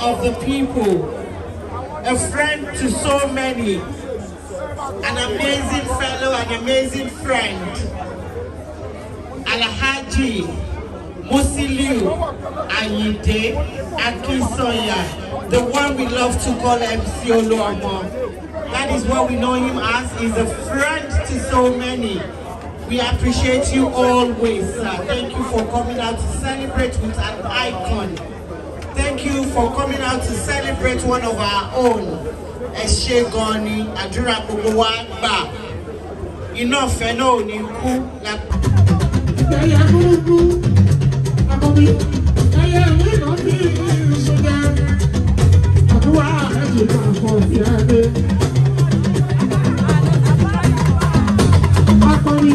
of the people, a friend to so many, an amazing fellow, an amazing friend, Alhaji Musiliu Ayinde Akisoya, the one we love to call MC Oluomo. That is what we know him as, he's a friend to so many. We appreciate you always, sir. Thank you for coming out to celebrate with an icon. for coming out to celebrate one of our own. Ẹ ṣé gan ni àdúrà gbogbo wa gbà. Iná ọ̀fẹ́ náà ò ní kú. Yàyà burúkú, àkọ́bí, yàyà nínú bí ìṣúgà. Àdúrà ẹ̀jẹ̀ kan kò fi ẹ̀ Àkọ́bí.